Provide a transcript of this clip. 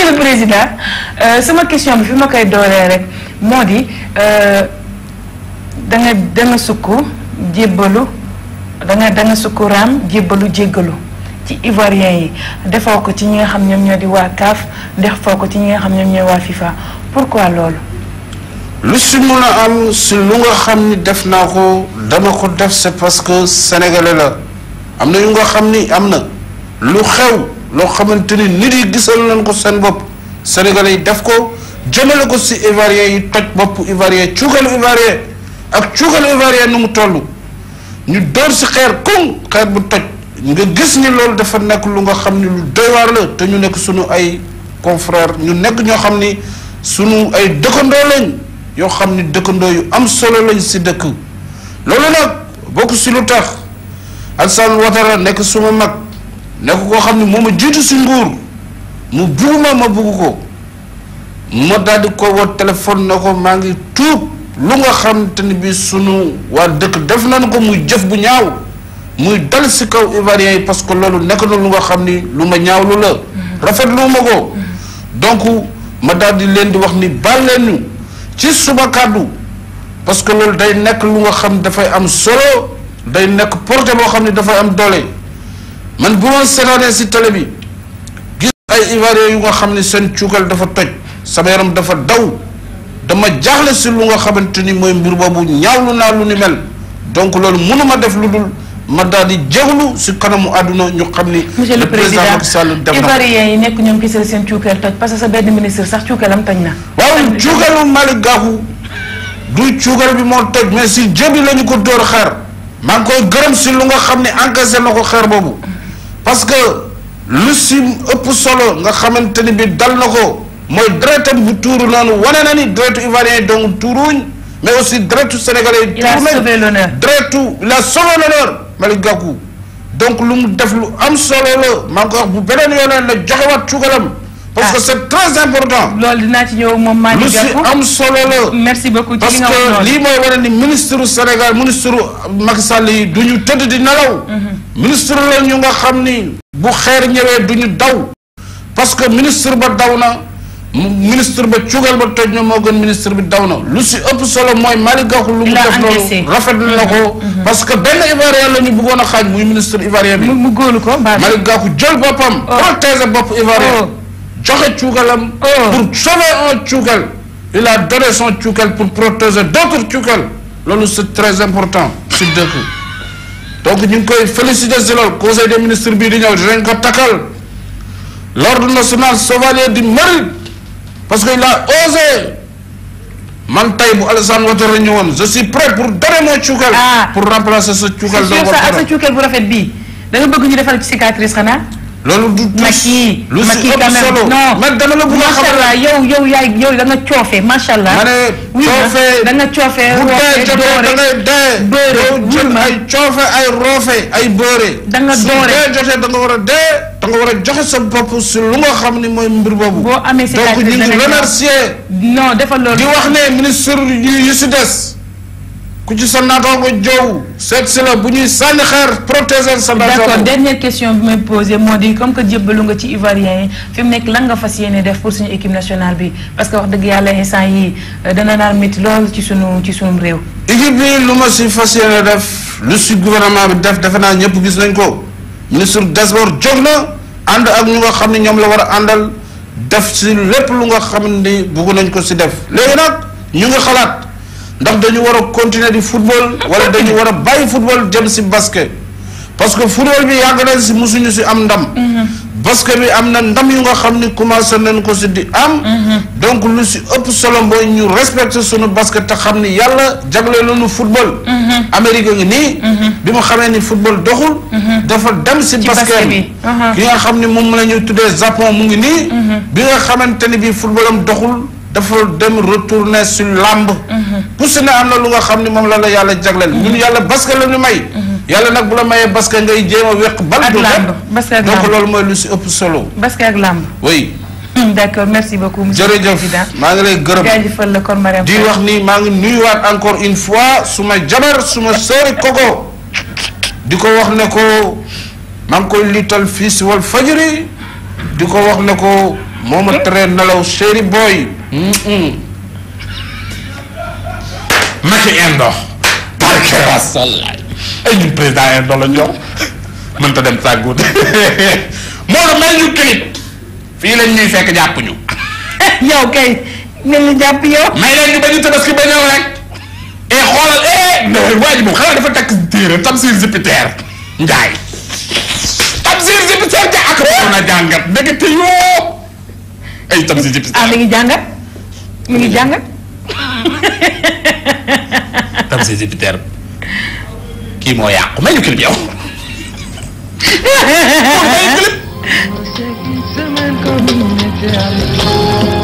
monsieur euh, sama question bi ma koy doolee rek moo di euh, da nga da nga sukk jébbalu da nga jébbalu jéggalu ci ivoirien yi defoo ko ci ñi nga xam ñoom ñoo di waa CAF defoo ko ci ñi nga xam ñoom ñooy waa FIFA pourquoi loolu. lu si mun a am si lu nga xam ni def naa ko dama ko def c'est parce que sénégalais la am na yu nga xam ni am na lu xew. loo xamante ni nit yi gisal nañ ko seen bopp sénégalais yi def ko jëmale ko si ivoirien yi toj bopp ivoirien cuugal ivoirien ak cuugal ivoirien nu mu toll ñu door si xeer kon xeer bu toj nga gis ni loolu dafa nekk lu nga xam ni lu doy waar la te ñu nekk suñu ay confrère ñu nekk ñoo xam ni suñu ay dëkkandoo lañ yoo xam ni dëkkandoo yu am solo lañ si dëkk loolu nag bokk si lu tax Alassane Ouattara nekk suma mag nekk ko xamni moma jitu su nguur mu buguma ma bugu ko mo dal ko wo telephone nako mangi maa lu nga xam tan bi sunu wa dekk def nan ko muy jëf bu ñaaw muy dal ci kaw ivarien parce que lolu mm-hmm. mm-hmm. nekk lu nga xamni lu ma lu la rafet lu mako donc ma dal di len di wax ni balenu ci suba kaddu parce que lolu day nek lu nga xam fay am solo day nek porte bo xamni da fay am doole man bu doon seetaanee si télé bi gis ay Ivoiriens yu nga xam ne seen cuukal dafa toj sama yaram dafa daw dama jaaxle si lu nga xamante ni mooy mbir boobu ñaawlu naa lu ni mel donc loolu mënuma def lu dul ma daal di jégalu si kanamu àdduna ñu xam ni. monsieur le président Macky na Ivoiriens yi nekk ñoom gisal seen cuukal toj parce que sa benn ministre sax cuukalam toj na. waaw cuukalu Malick Gakou du cuukal bi moo toj mais si jëbi la ñu ko dóor xeer maa ngi koy gërëm si lu nga xam ne encaissé na ko xeer boobu. parce que lu si ëpp solo nga xamante ni bi dal na ko mooy deretam bu tuuru noonu wane na ni deretu ivoirien donc tuuruñ mais aussi deretu sénégalais yi tuuru nañ deretu il a sauvé l'honneur Malick Gakou donc lu mu def lu am solo la maa ko wax bu beneen yoon la joxewaat cugalam parce ah. que c'est très important. loolu dinaa ci ñëw moom maa ngi jot am solo la. merci beaucoup ci li nga wax parce que lii mooy waral ni ministre Sénégal ministre Macky Sall yi du ñu tëdd di nelaw. Mhm. ministre la ñu nga xam ni. bu xeer ñëwee du ñu daw. parce que ministre ba daw na ministre ba cugal ba toj na moo gën ministre bi daw na lu si ëpp solo mooy Malick Gakou lu mu def loolu rafet na ko. Mhm. Mhm. parce que benn Ivoirien la ñu bëggoon a xaaj muy ministre Ivoirien bi. mu góolu ko Malick Gakou jël boppam. Oh. protéger bopp Ivoirien. Oh. Ah. il a donné son tchoukal pour protéger d'autres tchoukal. c'est très important donc nous féliciter conseil des ministres l'ordre national chevalier du mérite parce qu'il a osé je suis prêt pour donner mon tchoukal. Ah. pour remplacer ce loolu du du Macky lu si ëpp solo man dama la bëgg a xam ne yow yow yaay yow da nga coofe macha allah. ma ne coofe da coofe. roofe doore ay coofe ay roofe ay boore. da doore su dee jotee da nga war a dee. da nga war a joxe sa bopp si lu nga xam ne mooy mbir boobu. boo amee donc ñu ngi remercier. non defal loolu di wax ne ministre yu si des. ku ci sa naataango joowu seet si la bu ñuy sànni xeer protéger sa naataango. d'accord dernière question bi may posé moo di comme que jébbalu nga ci Ivoirien yi fi mu nekk lan nga fas yéene def pour suñu équipe nationale bi parce que wax dëgg yàlla instant yii euh, dana naan métti lool ci sunu ci sunu réew. équipe bi lu ma si fas yéene def lu si gouvernement bi def defe naa ñëpp gis nañ ko ministre des sports jóg na ànd ak ñu nga xam ne ñoom la war a àndal def si lépp lu nga xam ne bëgg nañ ko si def ndax dañu war a continuer di football wala dañu war a bàyyi football jëm si basket parce que football bi yàgg na si musuñu si am ndam basket bi am na ndam yu nga xam ni commencé nañ ko si di am donc lu si ëpp solo mooy ñu respecté suñu basket te xam ni yàlla jagle nañu football Amérique ngi nii bi mu xamee ni football doxul dafa dem si basket bi uh-huh. ki nga xam ni moom la ñu tuddee Japon mu ngi nii bi nga xamante ni bi footballam doxul dafa dem retourner sur làmb ku mhm. si ne am na lu nga xam ni moom la la yàlla jagleel mhm. ñun yàlla basket la ñu may mhm. yàlla nag bu la mayee basket ngay jéem a wéq bal du dem donc loolu mooy lu si ëpp solo basket ak làmb oui d'accord merci beaucoup monsieur maa ngi lay gërëm jaajëfal la kon Mariam di wax ni maa ngi nuyuwaat encore une fois suma jabar suma sœur Kogo di ko wax ne ko maa ngi koy liital fii si Walfadjri di ko wax ne ko mooma tere nelaw chéri boy Macky Endo. barke Rasoulaay ay ñun président Endo la ñor mënta dem sàggu Mawla may ñu clip fii lañ ñuy fekk jàpp ñu. yow kay ñun ñu jàpp yow. may leen ñu ba ñu tabaski ba ñëw rek. e xoolal eh mais waa ji moom xanaa dafa takk téere Tamsir Jupiter Njaay. Tamsir Jupiter Njaay ak. na jàngat dëgg te yoo. ay Tamsir Jupiter ah mi ngi jàngat. mu ngi jàng. tam si Jupiter kii moo yàqu may ñu clip yow. pour